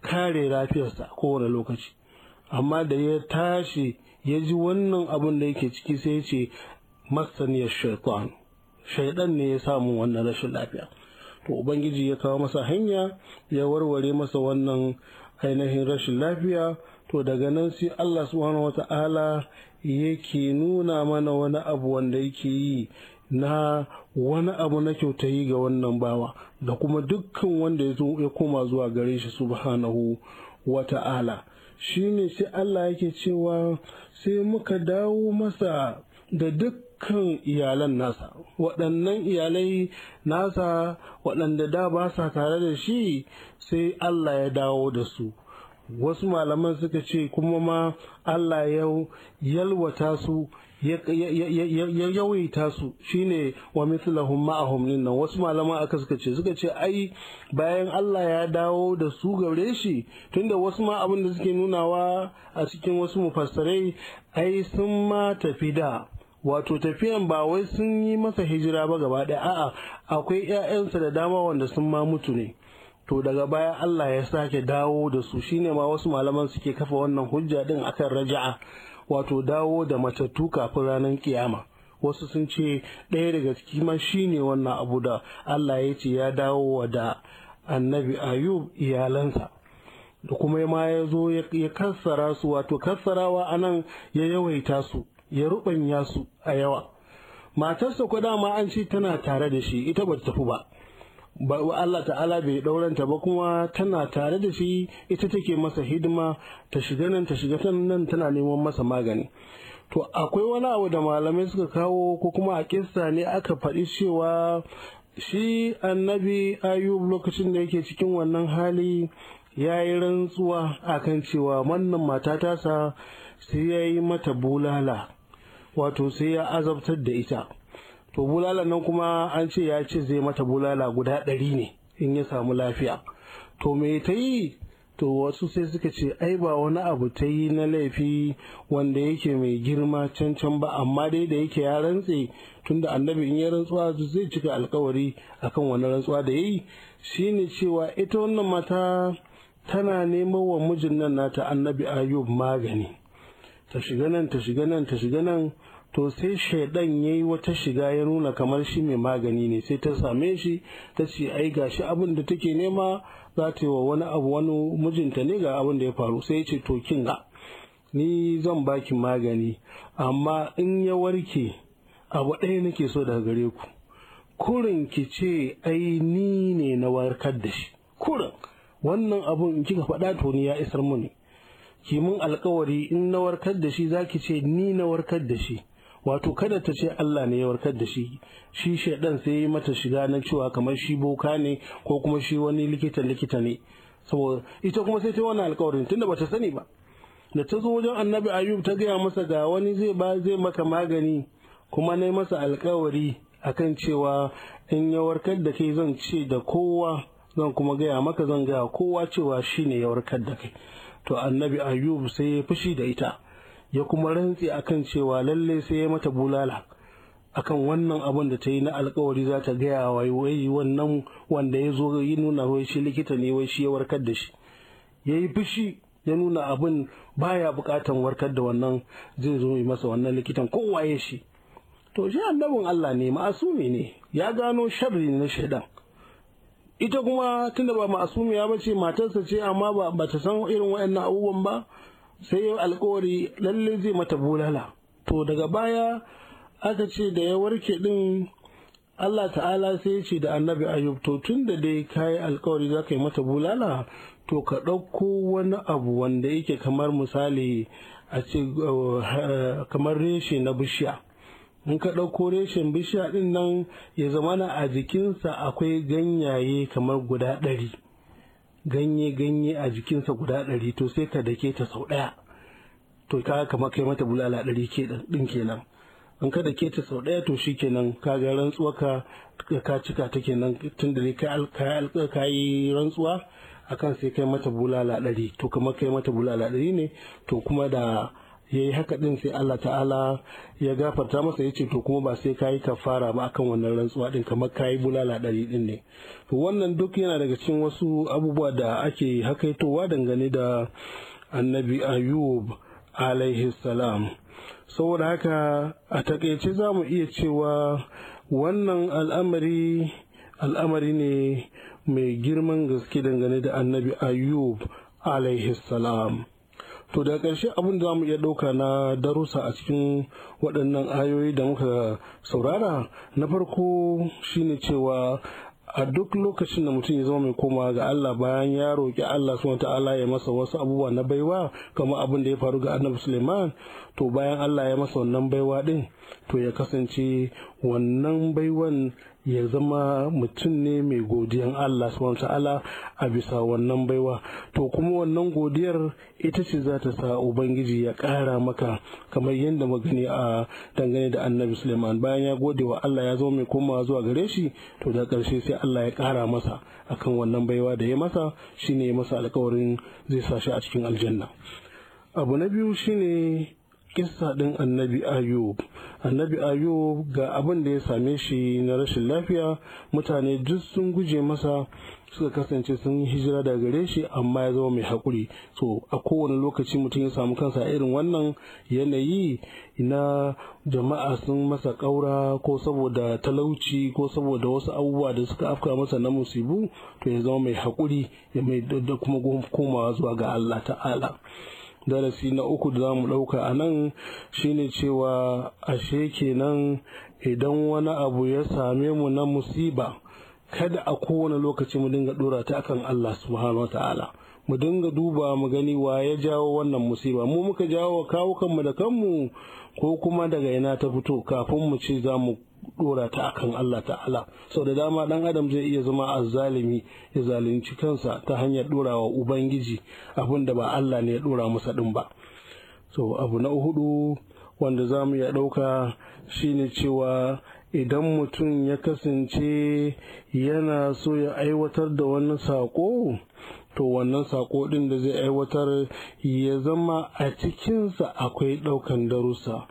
kare lafiyarsa kowane lokaci amma da ya tashi ya ji wannan abun da yake ciki sai ya ce masaniyar shaitan shaidan ne ya samu wannan rashin lafiya to ubangiji ya kawo masa hanya ya warware masa wannan ainihin rashin lafiya to daga nan sai Allah subhanahu ta'ala yake nuna mana wani abu wanda yake yi na wani abu na kyautayi ga wannan bawa da kuma dukkan wanda ya koma zuwa gare shi subhanahu wa ta'ala. shi ne sai Allah yake cewa sai muka dawo masa da dukkan iyalan nasa waɗannan iyalai nasa waɗanda da ba sa tare da shi sai Allah ya dawo da su wasu malaman suka ce kuma ma Allah ya yalwata su ya yawaita su shine wa mithlahum ma'ahum nan wasu malaman aka suka ce suka ce ai bayan Allah ya dawo da su gare shi tunda wasu ma abin da suke nunawa a cikin wasu mufassarai ai sun ma tafi da wato tafiyan ba wai sun yi masa hijira ba gaba ɗaya a'a akwai 'ya'yansa da dama wanda sun ma mutu ne to daga baya Allah ya sake dawo da su shine ma wasu malaman suke kafa wannan hujja din akan raja'a wato dawo da matattu kafin ranar kiyama wasu sun ce ɗaya daga ciki ma shine wannan abu da Allah ya ce ya dawo wa da annabi ayub iyalansa da kuma ma ya zo ya kassara su wato kassarawa anan ya yawaita su ya rubanya su a yawa matarsa ko ma an ce tana tare da shi ita ba ta tafi ba ba Allah ta'ala bai ɗauranta ba kuma tana tare da shi ita take masa hidima ta shiga nan ta shiga nan tana neman masa magani to akwai wani abu da malamai suka kawo ko kuma a kista ne aka faɗi cewa shi annabi ayub lokacin da yake cikin wannan hali ya yi rantsuwa akan cewa wannan mata tasa sai ya yi mata bulala wato sai ya azabtar da ita to bulala nan kuma an ce ya ce zai mata bulala guda ɗari ne in ya samu lafiya to me ta yi to wasu sai suka ce ai ba wani abu ta yi na laifi wanda yake mai girma can can ba amma dai da yake ya rantse tunda annabi in ya rantsuwa zai cika alkawari akan wani rantsuwa da yayi shine cewa ita wannan mata tana neman wa mijin nan nata annabi ayub magani ta shiga nan ta shiga nan ta shiga nan to sai shaidan ya yi wata shiga ya nuna kamar shi mai magani ne sai ta same shi ta ce ai gashi abin da take nema za ta yi wa wani abu wani mijinta ne ga abin da ya faru sai ya ce to kin ga ni zan baki magani amma in ya warke abu ɗaya nake so daga gare ku kurin ki ce ai ni ne na warkar da shi kurin wannan abun in kika faɗa to ni ya isar muni mun alkawari in na warkar da shi zaki ce ni na warkar da shi wato kada ta ce Allah ne ya warkar da shi shi shaidan sai ya yi mata shiga na cewa kamar shi boka ne ko kuma shi wani likita likita ne saboda ita kuma sai ta wani tun tunda bata sani ba da ta zo wajen annabi ayub ta gaya masa ga wani zai ba zai maka magani kuma na masa alkawari akan cewa in ya warkar da kai zan ce da kowa zan kuma gaya maka zan gaya kowa cewa shi ne ya warkar da kai to annabi ayub sai ya fushi da ita ya kuma rantse akan cewa lalle sai ya mata bulala akan wannan abin da ta yi na alkawari za ta gaya wa wai wannan wanda ya zo yi nuna wai shi likita ne wai shi ya warkar da shi ya yi fushi ya nuna abin baya bukatan warkar da wannan zai zo yi masa wannan likitan kowa ya shi to shi annabin Allah ne ma'asumi ne ya gano sharri na shaidan ita kuma tunda ba ma'asumiya ya ce matarsa ce amma ba ta san irin waɗannan abubuwan ba sai ya alkawari lalle zai mata bulala to daga baya aka ce da ya warke din Allah ta'ala sai ya ce da annabi ayub to tun da dai kayi alkawari za ka yi mata bulala to ka ɗauko wani abu wanda yake kamar misali a ce eh, kamar reshe na bishiya in ka ɗauko reshen bishiya din nan ya zamana a jikinsa akwai ganyaye kamar guda ɗari ganye-ganye a jikinsa guda ɗari to sai ta dake ta sau ɗaya to ka kama kai mata bulala ɗari ɗin kenan in ka dake ta sau ɗaya to shi kenan ka ga rantsuwa ka ka cika ta kenan tun da ka yi rantsuwa akan sai kai mata bulala ɗari to kama kai mata bulala ɗari ne to kuma da ya yi haka ɗin sai Allah ta'ala ya gafarta masa ya ce to kuma ba sai ka kayi kafara ba akan wannan rantsuwa ɗin kamar ka yi bulala ɗari ɗin ne to wannan duk yana daga cikin wasu abubuwa da ake hakaitowa dangane da annabi ayub alaihi salam saboda haka a takaice za mu iya cewa wannan al'amari al'amari ne mai girman gaske dangane da annabi ayub alaihi salam To da ƙarshe abin da mu iya ɗauka na darusa a cikin waɗannan ayoyi da muka saurara na farko shine cewa a duk lokacin da mutum ya zama mai koma ga Allah bayan ya roƙi Allah subhanahu ta'ala ya masa wasu abubuwa na baiwa kamar abin da ya faru ga Annabi Suleiman to bayan Allah ya masa wannan baiwa ɗin, to ya kasance wannan baiwan ya zama mutum ne mai godiyan Allah subhanahu ta'ala a bisa wannan baiwa to kuma wannan godiyar ita ce za ta sa ubangiji ya ƙara maka kamar yadda magani a dangane da annabi suleiman bayan ya gode wa Allah ya zo mai koma zuwa gare shi to da ƙarshe sai Allah ya ƙara masa akan wannan baiwa da ya masa shine ya masa alkawarin zai sa shi a cikin aljanna abu na biyu shine kissa ɗin annabi ayub annabi ayub ga abin da ya same shi na rashin lafiya mutane duk sun guje masa suka kasance sun hijira daga gare shi amma ya zama mai haƙuri so a kowane lokaci mutum ya samu kansa irin wannan yanayi na jama'a sun masa ƙaura ko saboda talauci ko saboda wasu abubuwa da suka afka masa na musibu to ya zama mai haƙuri da kuma komawa zuwa ga Allah ta'ala darasi na uku da za mu ɗauka a nan shine cewa ashe kenan idan wani abu ya same mu na musiba kada a kowane lokaci mu dinga dora ta akan Allah subhanahu ta'ala mu dinga duba mu gani wa ya jawo wannan musiba mu muka jawo kawo kanmu da kanmu ko kuma daga ina ta fito kafin mu ce za mu dora ta akan Allah ta'ala sau da dama ɗan adam zai iya zama azzalimi ya zalunci kansa ta hanyar dorawa ubangiji abin da ba Allah ne ya dora masa ɗin ba so abu na hudu wanda za mu iya ɗauka shine cewa idan mutum ya kasance yana so ya aiwatar da wani saƙo to wannan saƙo ɗin da zai aiwatar ya zama a cikinsa akwai ɗaukan darussa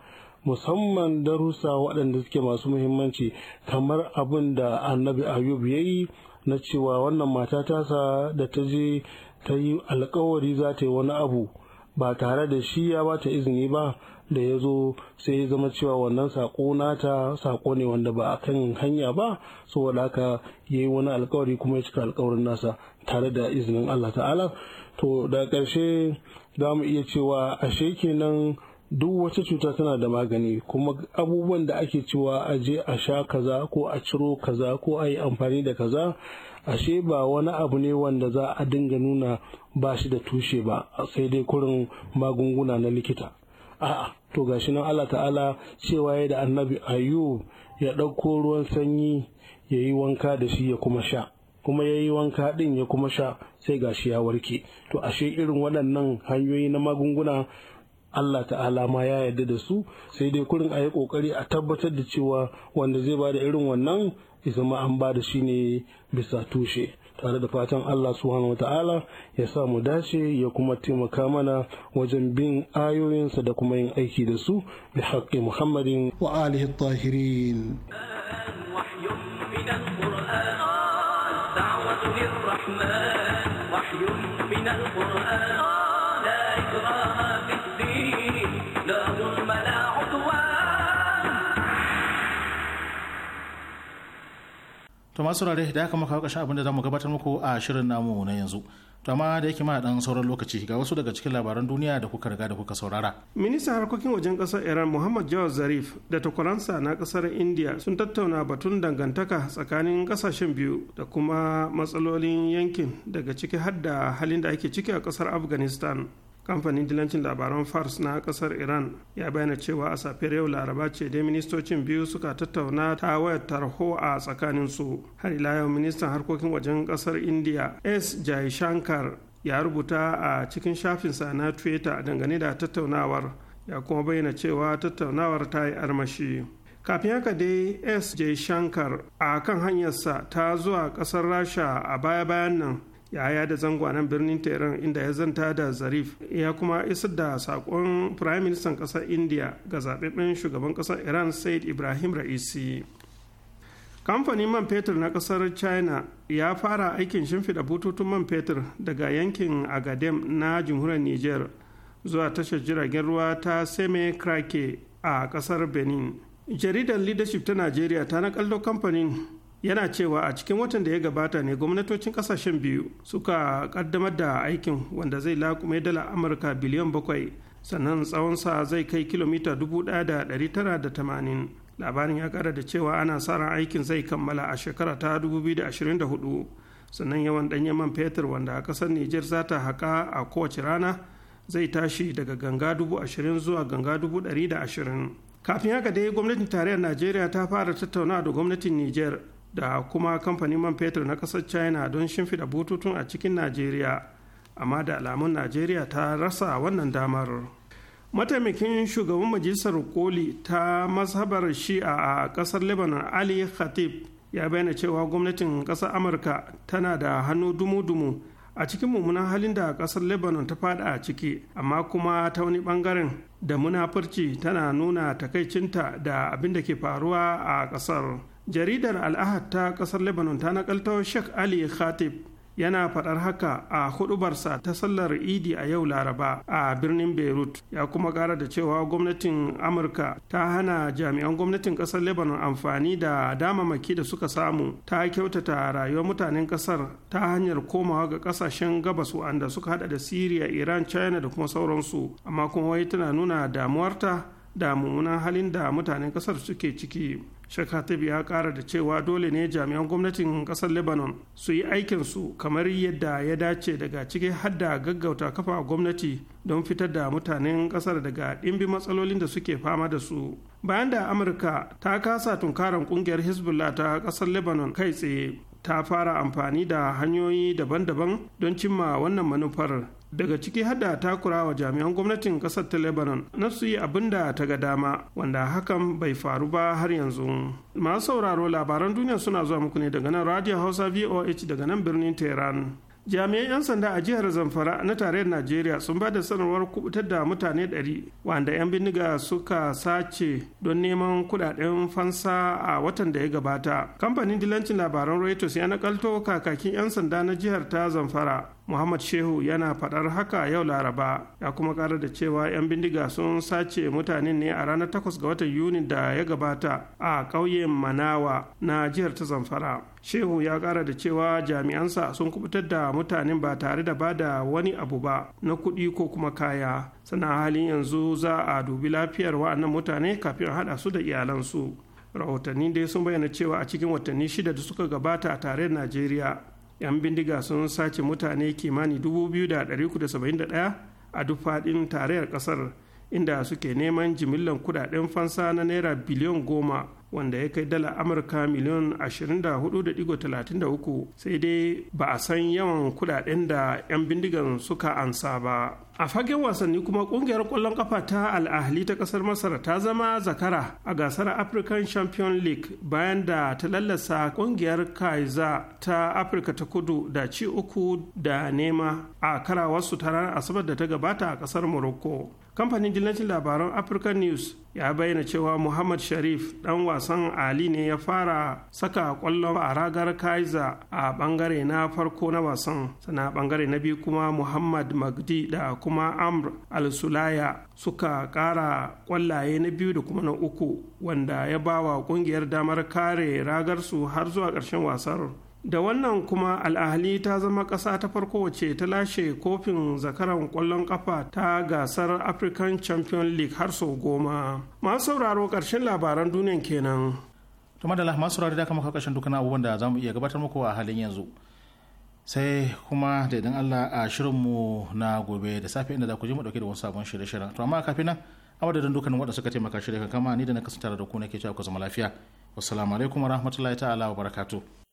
musamman darussa waɗanda suke masu muhimmanci kamar abin da annabi ayub ya yi na cewa wannan mata tasa da ta je ta yi alkawari za ta yi wani abu ba tare da shi ya ba ta izini ba da ya zo sai ya zama cewa wannan sako nata saƙo ne wanda ba a kan hanya ba saboda haka ya yi wani alkawari kuma ya cika alkawarin nasa tare da izinin Allah ta'ala to da ƙarshe za mu iya cewa ashe kenan duk wata cuta tana da magani kuma abubuwan da ake cewa a je a sha kaza ko a ciro kaza ko a yi amfani da kaza ashe ba wani abu ne wanda za a dinga nuna ba shi da tushe ba sai dai kurin magunguna na likita a'a to gashi nan Allah ta'ala cewa ya da annabi ayub ya ɗauko ruwan sanyi ya yi wanka da shi ya kuma sha kuma ya yi wanka ɗin ya kuma sha sai gashi ya warke to ashe irin waɗannan hanyoyi na magunguna Allah ta'ala ma ya yarda da su sai dai kurin a yi kokari a tabbatar da cewa wanda zai ba da irin wannan isa ma an ba da shi ne bisa tushe tare da fatan Allah subhanahu ta'ala ya sa mu dace ya kuma taimaka mana wajen bin ayoyinsa da kuma yin aiki da su bi haƙƙi Muhammadin wa alihi tahirin to ma saurare da aka maka ƙarshen abin da za mu gabatar muku a shirin namu na yanzu to amma da yake ma dan sauran lokaci ga wasu daga cikin labaran duniya da kuka riga da kuka saurara ministan harkokin wajen kasar iran muhammad jawad zarif da takwaransa na kasar india sun tattauna batun dangantaka tsakanin kasashen biyu da kuma matsalolin yankin daga ciki har da halin da ake ciki a kasar afghanistan kamfanin dilancin labaran fars na kasar iran ya bayyana cewa a safiyar yau laraba ce dai ministocin biyu suka tattauna ta wayar tarho a tsakanin su har ila yau ministan harkokin wajen kasar india s jai shankar ya rubuta a cikin shafinsa na twitter dangane da tattaunawar ya kuma bayyana cewa tattaunawar ta yi armashi kafin haka dai s shankar a kan hanyarsa ta zuwa kasar rasha a baya-bayan nan yaya da zango a nan birnin tehran inda ya zanta da zarif ya kuma isar da sakon prime minister kasar india ga zababben shugaban kasar iran said ibrahim ra'isi kamfanin man fetur na kasar china ya fara aikin shimfiɗa bututun man fetur daga yankin agadem na jamhuriyar niger zuwa tashar jiragen ruwa ta seme krake a kasar benin jaridar leadership ta nigeria ta nakaldo kamfanin yana cewa a cikin watan da ya gabata ne gwamnatocin kasashen biyu suka kaddamar da aikin wanda zai lakume dala amurka biliyan bakwai sannan tsawonsa zai kai kilomita 1,980 labarin ya kara da cewa ana sa ran aikin zai kammala a shekara ta 2024 sannan yawan ɗanyen man fetur wanda a kasar Nijar za ta haƙa a kowace rana zai tashi daga ganga ashirin zuwa ganga ashirin. kafin haka dai gwamnatin tarayyar najeriya ta fara tattaunawa da gwamnatin niger da kuma kamfanin man fetur na kasar china don shimfida bututun a cikin najeriya amma da alamun najeriya ta rasa wannan damar mataimakin shugaban majalisar koli ta mazhabar shi'a a kasar lebanon ali khatib ya bayyana cewa gwamnatin kasar amurka tana da hannu dumu-dumu a cikin mummunan halin da kasar lebanon ta fada a ciki amma kuma ta wani bangaren da munafurci tana nuna takaicinta da abin da ke faruwa a kasar. jaridar al'ahad ta kasar lebanon ta nakalto sheikh ali khatib yana faɗar haka a hudubarsa ta sallar idi a yau laraba a birnin beirut ya kuma ƙara da cewa gwamnatin amurka ta hana jami'an gwamnatin ƙasar lebanon amfani da damamaki da suka samu ta kyautata rayuwar mutanen ƙasar ta hanyar komawa ga ƙasashen gabas wanda suka hada da syria iran china da kuma sauransu amma kuma wai tana nuna damuwarta da mummunan halin da mutanen ƙasar suke ciki Sheikh ya kara da cewa dole ne jami'an gwamnatin kasar Lebanon su yi aikinsu kamar yadda ya dace daga ciki hadda gaggauta kafa gwamnati don fitar da mutanen kasar daga ɗimbi matsalolin da suke fama da su. Bayan da Amurka ta kasa tunkarar kungiyar Hezbollah ta kasar Lebanon kai tsaye, ta fara amfani da hanyoyi daban-daban don cimma wannan manufar daga ciki hada takura wa jami'an gwamnatin kasar ta lebanon na su yi abin da ta ga dama wanda hakan bai faru ba har yanzu masu sauraro labaran duniya suna zuwa muku ne daga nan radio hausa voh daga nan birnin tehran jami'an 'yan sanda a jihar zamfara na tarayyar najeriya sun ba da sanarwar kubutar da mutane 100 wanda 'yan bindiga suka sace don neman kudaden fansa a watan da ya gabata kamfanin dilancin labaran reuters ya nakalto kakakin 'yan sanda na jihar ta zamfara muhammad shehu yana faɗar haka yau laraba ya kuma ƙara da cewa 'yan bindiga sun sace mutanen ne a ranar 8 ga watan yuni da ya gabata a ƙauyen manawa na jihar ta zamfara shehu ya ƙara da cewa jami'ansa sun kubutar da mutanen ba tare da ba da wani abu ba na kuɗi ko kuma kaya sana halin yanzu za a dubi lafiyar wa'annan mutane kafin haɗa su da iyalansu rahotanni dai sun bayyana cewa a cikin watanni shida da suka gabata a tare najeriya 'yan bindiga sun sace mutane kimani 2,371 a duk faɗin tarayyar ƙasar inda suke neman jimillan kudaden fansa na naira biliyan goma wanda ya kai dala amurka miliyan 24.33 sai dai ba a san yawan kudaden da 'yan bindigan suka ansa ba a fagen wasanni kuma kungiyar kwallon kafa ta al'ahli ta kasar masar ta zama zakara a gasar african champion league bayan da ta lallasa kungiyar kaiza ta afirka ta kudu da ci uku da nema a karawarsu ta ranar asabar da ta gabata a kasar morocco kamfanin dillacin labaran african news ya bayyana cewa muhammad sharif dan wasan ali ne ya fara saka kwallon a ragar kaiza a bangare na farko na wasan sana bangare na biyu kuma muhammad magdi da kuma amr al-sulaya suka kara kwallaye na biyu da kuma na uku wanda ya bawa kungiyar damar kare ragarsu har zuwa ƙarshen wasar da wannan kuma al'ahali ta zama ƙasa ta farko wacce ta lashe kofin zakaran ƙwallon kafa ta gasar african champion league har sau goma masu sauraro ƙarshen labaran duniyan kenan tuma da masu sauraro da kama ƙarshen dukkan abubuwan da za mu iya gabatar muku a halin yanzu sai kuma da idan allah a shirinmu na gobe da safe inda za ku ji mu dauke da wani sabon shirye-shiryen to amma kafin nan a wadadin dukkanin waɗanda suka taimaka shirya kama ni da na kasance da ku nake cewa ku zama lafiya wassalamu alaikum warahmatullahi ta'ala wa barakatuh